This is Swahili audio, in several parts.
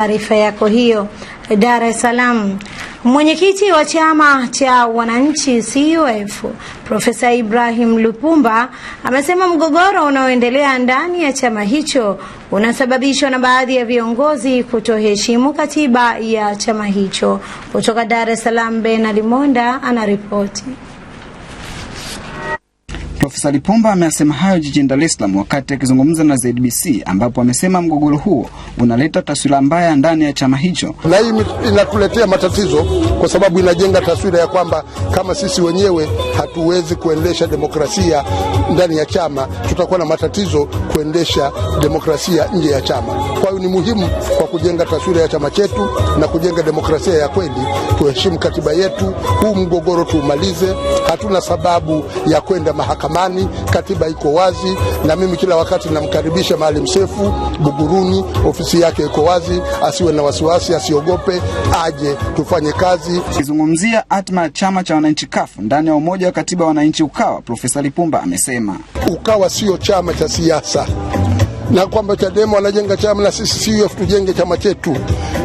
Taarifa yako hiyo, Dar es Salaam. Mwenyekiti wa chama cha wananchi CUF Profesa Ibrahim Lipumba amesema mgogoro unaoendelea ndani ya chama hicho unasababishwa na baadhi ya viongozi kutoheshimu katiba ya chama hicho. Kutoka Dar es Salaam, Benard Monda anaripoti. Profesa Lipumba amesema hayo jijini Dar es Salaam wakati akizungumza na ZBC, ambapo amesema mgogoro huo unaleta taswira mbaya ndani ya chama hicho. Na hii inatuletea matatizo kwa sababu inajenga taswira ya kwamba kama sisi wenyewe hatuwezi kuendesha demokrasia ndani ya chama, tutakuwa na matatizo kuendesha demokrasia nje ya chama. Kwa hiyo ni muhimu kwa kujenga taswira ya chama chetu na kujenga demokrasia ya kweli, tuheshimu katiba yetu. Huu mgogoro tuumalize, hatuna sababu ya kwenda mahakama amani, katiba iko wazi, na mimi kila wakati namkaribisha Maalim Seif Buguruni, ofisi yake iko wazi, asiwe na wasiwasi, asiogope, aje tufanye kazi. Akizungumzia atma ya chama cha wananchi kafu ndani ya umoja wa katiba wananchi Ukawa, Profesa Lipumba amesema Ukawa sio chama cha siasa na kwamba Chadema wanajenga chama na sisi CUF tujenge chama chetu.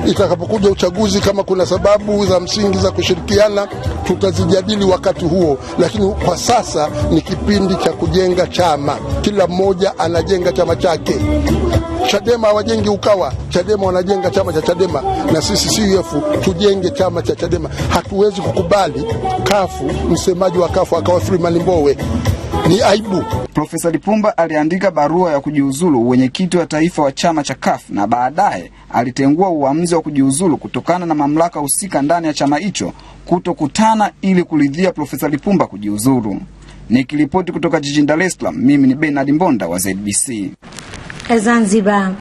Itakapokuja uchaguzi, kama kuna sababu za msingi za kushirikiana, tutazijadili wakati huo, lakini kwa sasa ni kipindi cha kujenga chama, kila mmoja anajenga chama chake. Chadema hawajengi Ukawa, Chadema wanajenga chama cha Chadema, na sisi CUF tujenge chama cha Chadema. Hatuwezi kukubali kafu msemaji wa kafu akawa Freeman Mbowe. Ni aibu. Profesa Lipumba aliandika barua ya kujiuzulu uwenyekiti wa taifa wa chama cha CUF na baadaye alitengua uamuzi wa kujiuzulu kutokana na mamlaka husika ndani ya chama hicho kutokutana ili kuridhia Profesa Lipumba kujiuzulu. Nikiripoti kutoka jijini Dar es Salaam, mimi ni Bernard Mbonda wa ZBC. Zanzibar.